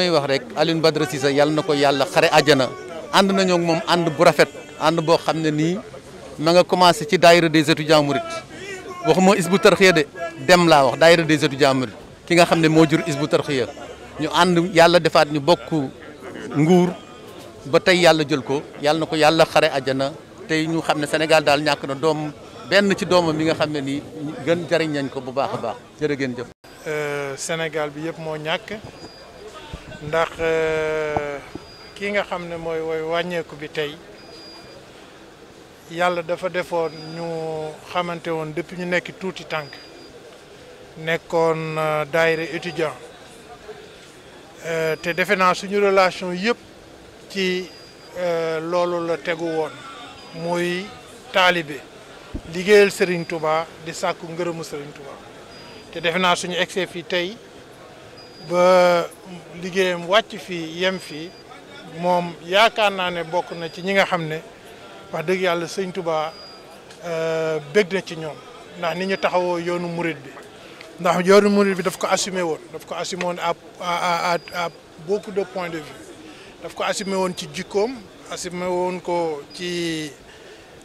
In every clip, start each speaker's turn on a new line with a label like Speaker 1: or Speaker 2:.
Speaker 1: may wax rek Alioune Badara Cissé yàlla na ko yàlla xare àjjana ànd nañoo ak moom ànd bu rafet ànd boo xam ne nii ma nga commencé ci daayira des étudiants mourides waxuma isbu tarxiya de dem laa wax daayira des étudiants mourides ki nga xam ne moo jur is bu tarxiya ñu ànd yàlla defaat ñu bokk nguur ba tey yàlla jël ko yàlla na ko yàlla xare àjjana tey ñu xam ne Sénégal daal ñàkk na doom benn ci doomam mi nga xam ne nii gën jëriñ nañ ko bu baax a baax jërë ngeen jëf.
Speaker 2: Euh, ndax euh, ki nga xam ne mooy woy wàññeeku bi tey yàlla dafa defoon ñu xamante woon depuis ñu nekk tuuti tànk nekkoon euh, daayira étudiant euh, te defe naa suñu relation yëpp ci loolu la tegu woon muy taalibe liggéeyal Serigne Touba di sàkku ngërëmu Serigne Touba te defe naa suñu egsee fii tey ba liggéeyam wàcc fii yem fii moom yaakaar naa ne bokk na ci ñi nga xam ne wax dëgg yàlla sëñ Touba euh, bég na ci ñoom ndax ni ñu taxawoo yoonu murit bi ndax yoonu murit bi daf ko assumé woon daf ko assumé woon à à à beaucoup de points de vue daf ko assumé woon ci jikkoom assumé woon ko ci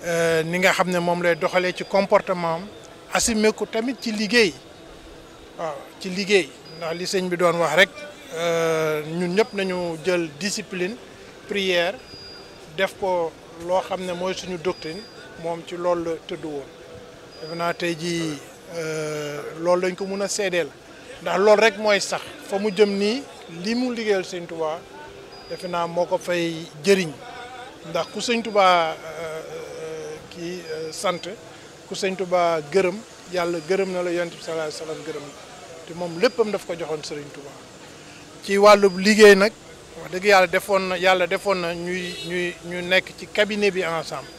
Speaker 2: euh, ni nga xam ne moom lay doxalee ci comportement am assumé ko tamit ci liggéey. waaw ci liggéey ndax li sëñ bi doon wax rek euh, ñun ñëpp nañu jël discipline prière def ko loo xam ne mooy suñu doctrine moom ci loolu la tëdd woon defe naa tey jii euh, loolu lañ ko mun a seedeel ndax loolu rek mooy sax fa mu jëm nii li mu liggéeyal sëñ Touba defe naa moo ko fay jëriñ ndax ku sëñ Touba euh, kii sant ku sëñ Touba gërëm yàlla gërëm na la yonent bi sallallahu alayhi wasallam gërëm na te moom léppam daf ko joxoon Serigne Touba ci wàllub liggéey nag wax dëgg yàlla defoon na yàlla defoon na ñuy ñuy ñu nekk ci cabinet bi ensemble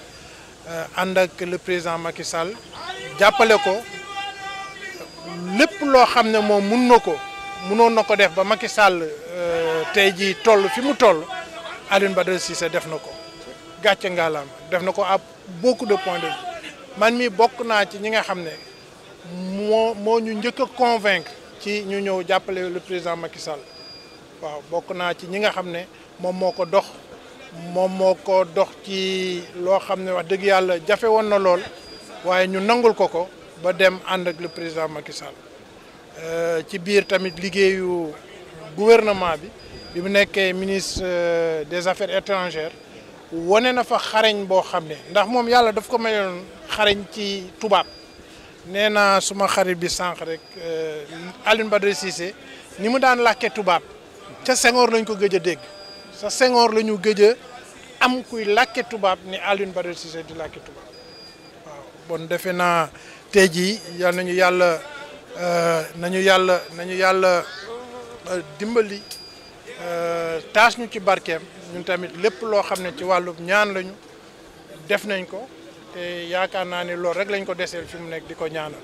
Speaker 2: euh, ànd ak le président Macky Sall jàppale ko lépp loo xam ne moom mun na ko munoon na ko def ba Macky Sall euh, tey jii toll fi mu toll Alioune Badara Cissé def na ko gàcce ngaalaam def na ko ab beaucoup de point de man mi bokk naa ci ñi nga xam ne moo moo ñu njëkk a convaincre ci ñu ñëw jàppale le président Macky waaw bokk naa ci ñi nga xam ne moom moo ko dox moom moo ko dox ci loo xam ne wax dëgg yàlla jafe woon na lool waaye ñu nangul ko ko ba dem ànd ak le président Macky Sall euh, ci biir tamit liggéeyu gouvernement bi bi mu nekkee ministre euh, des affaires étrangères wane na fa xarañ boo xam ne ndax moom yàlla daf ko mayoon xarañ ci tubaab nee naa suma xarit bi sànq rek euh, Alioune Badara Cissé ni mu daan làkkee tubaab ca Senghor lañ ko gëj a dégg sa Senghor la ñu gëj a am kuy làkkee tubaab ni aline Badara Cissé di làkkee tubaab waaw bon defe naa tey jii yal nañu yàlla euh, nañu yàlla nañu yàlla euh, dimbali taas ñu ci barkeem ñun tamit lépp loo xam ne ci wàllu ñaan lañu def nañ ko te yaakaar naa ne loolu rek lañ ko deseel fi mu nekk di ko ñaanal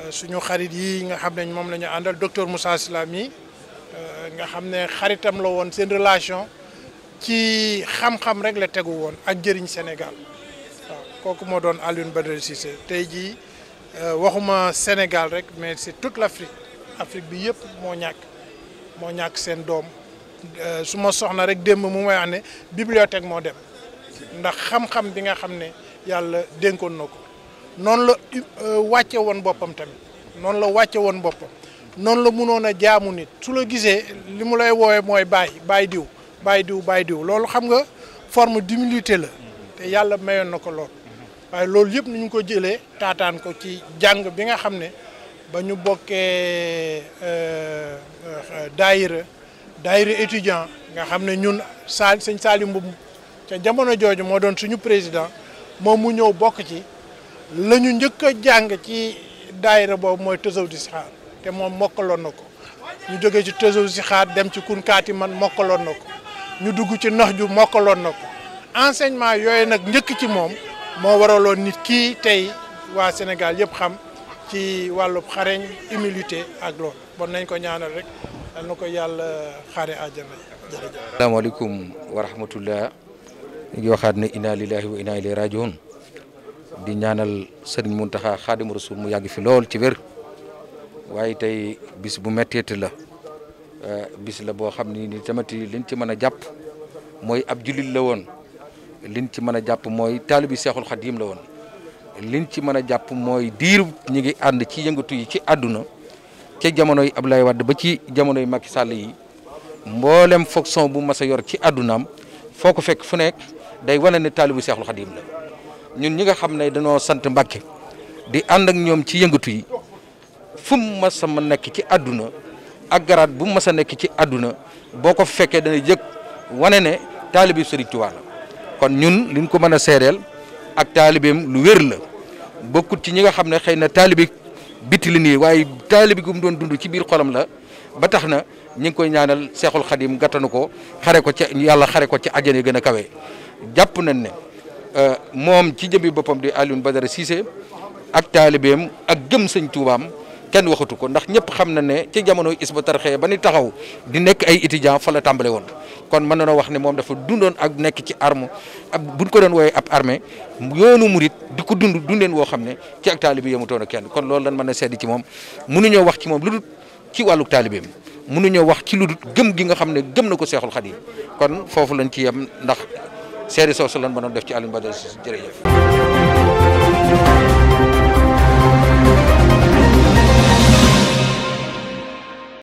Speaker 2: euh, suñu xarit yi nga xam ne moom la ñu àndal docteur Moussa Silam yi euh, nga xam ne xaritam la woon seen relation ci xam-xam rek la tegu woon ak jëriñ Sénégal waaw kooku moo doon Alioune Badara Cissé tey jii euh, waxuma Sénégal rek mais c'est toute l'Afrique Afrique bi yëpp moo ñàkk moo ñàkk seen doom su ma soxna rek démb mu may wax ne bibliothèque moo dem ndax xam-xam bi nga xam ne. yàlla dénkoon na ko noonu la euh, wàcce woon boppam tamit noonu la wàcce woon boppam noonu la munoon a jaamu nit su la gisee li mu lay woowee mooy baay baay diw baay diw baay diw loolu xam nga forme d'humilité la te yàlla mayoon na ko lool waaye loolu yëpp ni ñu ko jëlee taataan ko ci jàng bi nga xam ne ba ñu bokkee euh, euh, daayira daayira étudiant nga xam ne ñun Saal sëñ Salim Mbubb ca jamono jooju moo doon suñu président moom mu ñëw bokk ci nañu njëkk a jàng ci daayira boobu mooy tësaw di sixaar te moom mokkaloon na ko ñu jógee ci tësaw si dem ci kunkaati man mokkaloon na ko ñu dugg ci nax ju mokkaloon na ko enseignement yooyu nag njëkk ci moom moo waraloon nit kii tey waa Sénégal yëpp xam ci wàllu xareñ humilité ak loolu bon nañ ko ñaanal rek dal na ko yàlla xaare àjjana jërëjëf
Speaker 1: asalaamaaleykum wa rahmatullah ñu ngi waxaat ne inna lillahi wa inna ilayhi rajiun di ñaanal sëriñ Muntaxa xaadimu rasul mu yàgg fi lool ci wér waaye tey bis bu métteeti la euh, bis la boo xam ni ni tamati liñ ci mën a jàpp mooy ab jullit la woon liñ ci mën a jàpp mooy taalibi seexul xadim la woon liñ ci mën a jàpp mooy diir ñu ngi ànd ci yëngatu yi ci àdduna ca jamonoy Abdoulaye Wade ba ci jamonoy Macky Sall yi mboolem fonction bu mas a yor ci àddunaam foo fekk fu nekk day wane ne taalibu Seexul Xadiim la ñun ñi nga xam ne dañoo sant Mbàkke di ànd ak ñoom ci yëngatu yi fu mu mas a nekk ci àdduna ak garaat bu mas a nekk ci àdduna boo ko fekkee dana jëkk wane ne taalibi Sëriñ Tuubaa la kon ñun liñ ko mën a seereel ak taalibeem lu wér la bokkut ci ñi nga xam ne xëy na taalibi biti li nii waaye taalibi gu mu doon dund ci biir xolam la ba tax na ñu ngi koy ñaanal Seexul Xadiim gàttanu ko xare ko ci yàlla xare ko ci àjjana gën a kawe jàpp nañ ne euh, moom ci jëmmi boppam di Alioune Badara Cissé ak taalibeem ak gëm sëñ Tuubaam kenn waxatu ko ndax ñëpp xam na ne ci jamono Hizbut Tarqiyyah ba ni taxaw di nekk ay étudiant fa la tàmbale woon kon mën na wax ne moom dafa dundoon ak nekk ci arme ab buñ ko doon woowee ab armée yoonu murit di ko dund dundeen woo xam ne ci ak taalibe yemutoon ak kenn kon loolu lan mën a sedd ci moom mënuñoo wax ci moom lu dul ci wàllu taalibeem mënuñoo wax ci lu dul gi nga xam ne gëm na ko Seexul Xadiim kon foofu lañ ci yem ndax seede soosu lan mënoon def ci Alioune Badara Cissé jërëjëf